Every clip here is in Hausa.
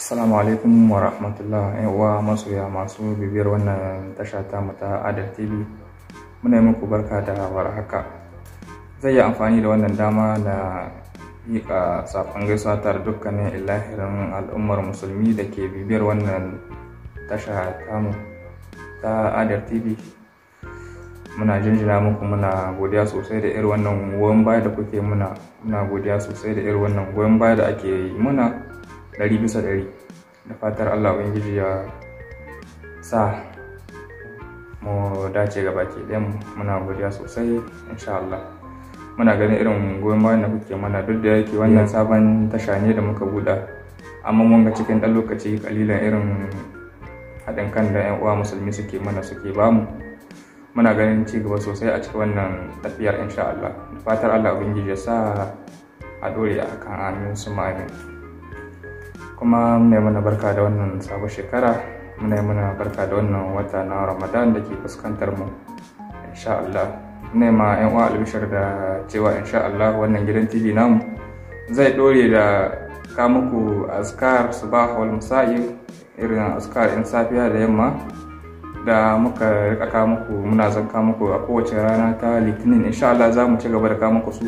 Assalamu alaikum wa rahmatullah wa masu masoya masu bibiyar wannan tasha ta mata Adal TV. Muna yi muku barka da haka Zai yi amfani da wannan dama na yi miƙa safin gaisuwa tare dukkanin ilahirin al'ummar musulmi da ke bibiyar wannan tasha tamu ta Adal TV. Muna jinjina muku muna godiya sosai da irin wannan goyon baya da kuke muna muna godiya sosai da irin wannan goyon baya da ake yi muna ɗari bisa ɗari da fatar allah ubangiji ya sa mu dace gaba ke ɗaya muna godiya sosai insha allah muna ganin irin goyon bayan da kuke mana duk da yake wannan sabon tasha ne da muka buɗa amma mun ga cikin ɗan lokaci kalilan irin haɗin kan da 'yan uwa musulmi suke mana suke bamu muna ganin ci gaba sosai a cikin wannan tafiyar insha Allah fatar Allah ubangiji ya sa a dore akan amin su ma'amin kuma muna mana barka da wannan sabon shekara muna mana barka da wannan wata na ramadan da ke fuskantar mu insha Allah muna ma yan uwa albishar da cewa insha Allah wannan gidan TV namu zai dore da kamuku askar azkar subah wal musa'i irin askar in safiya da yamma da muka rika kamuku muna zan kamuku a kowace rana ta litinin insha Allah za mu ci gaba da ka su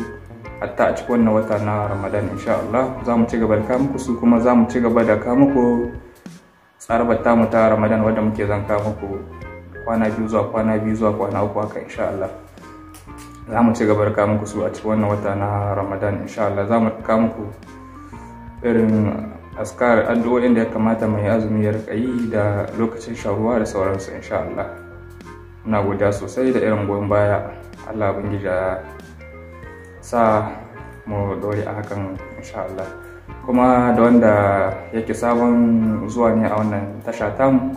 hatta a cikin wannan wata na ramadan insha Allah za mu ci gaba da muku su kuma za mu ci gaba da muku tsarabar tamu ta ramadan wadda muke zan muku kwana biyu zuwa kwana biyu zuwa kwana uku haka insha Allah za mu ci gaba da muku su a cikin wannan wata na ramadan insha Allah za mu muku irin askar addu'o'in da ya kamata mai azumi ya rika yi da lokacin sharuwa da sauransu insha Allah muna godiya sosai da irin goyon baya Allah ubangiji gija. sa mu dori a hakan insha Allah kuma da wanda yake sabon zuwa ne a wannan tasha mu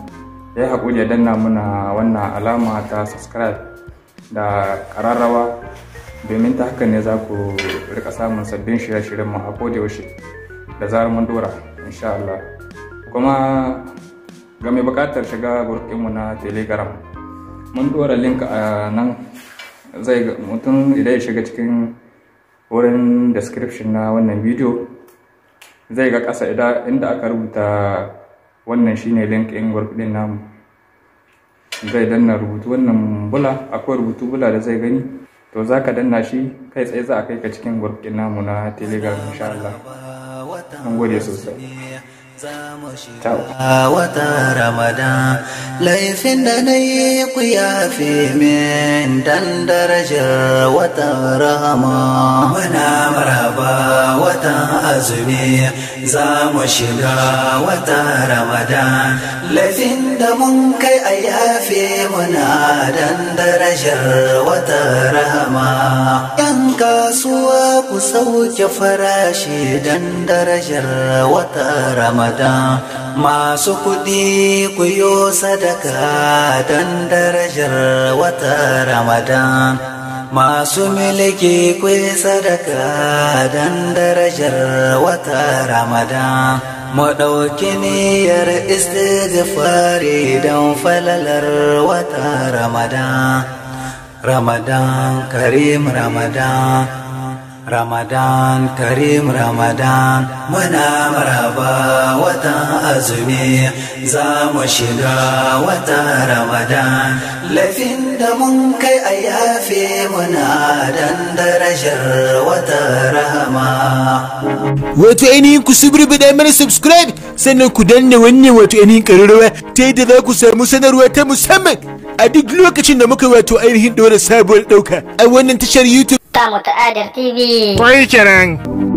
ya yi haƙuri ya danna muna wannan alama ta subscribe da ƙararrawa domin ta haka ne za ku rika samun sabbin shirye-shiryen mu a kodayaushe da zarar mun dora insha Allah kuma ga mai buƙatar shiga mu na telegram mun dora link a nan zai mutum idan ya shiga cikin wurin description na wannan video zai ga ƙasa inda aka rubuta wannan shine link in work din namu zai danna rubutu wannan bula akwai rubutu bula da zai gani to za ka danna shi kai tsaye za a kai ka cikin work din namu na telegram insha Allah an gode sosai za mu shiga wata ramadan laifin da ku yafe min dan darajar wata rahama maraba watan azumi za mu shiga wata ramadan laifin da mun kai a yafe muna dan darajar wata rahama yan kasuwa ku sauke farashi dan darajar wata masu kuɗi ku yo sadaka don darajar wata ramadan masu miliki ku sadaka don darajar wata ramadan mu ɗauki niyyar istighfari don falalar wata ramadan ramadan karim ramadan Ramadan Karim Ramadan muna maraba wata azumi za mu shiga wata Ramadan laifin da mun kai a yafe muna dan darajar watan rahama. Wato ainihin ku subiri da mana subscribe sannan ku danne wannan wato ainihin ƙararrawa ta yadda za ku samu sanarwa ta musamman a duk lokacin da muka wato ainihin ɗora sabuwar ɗauka a wannan tashar YouTube. sa mu ta'adar TV. Kwai kenan.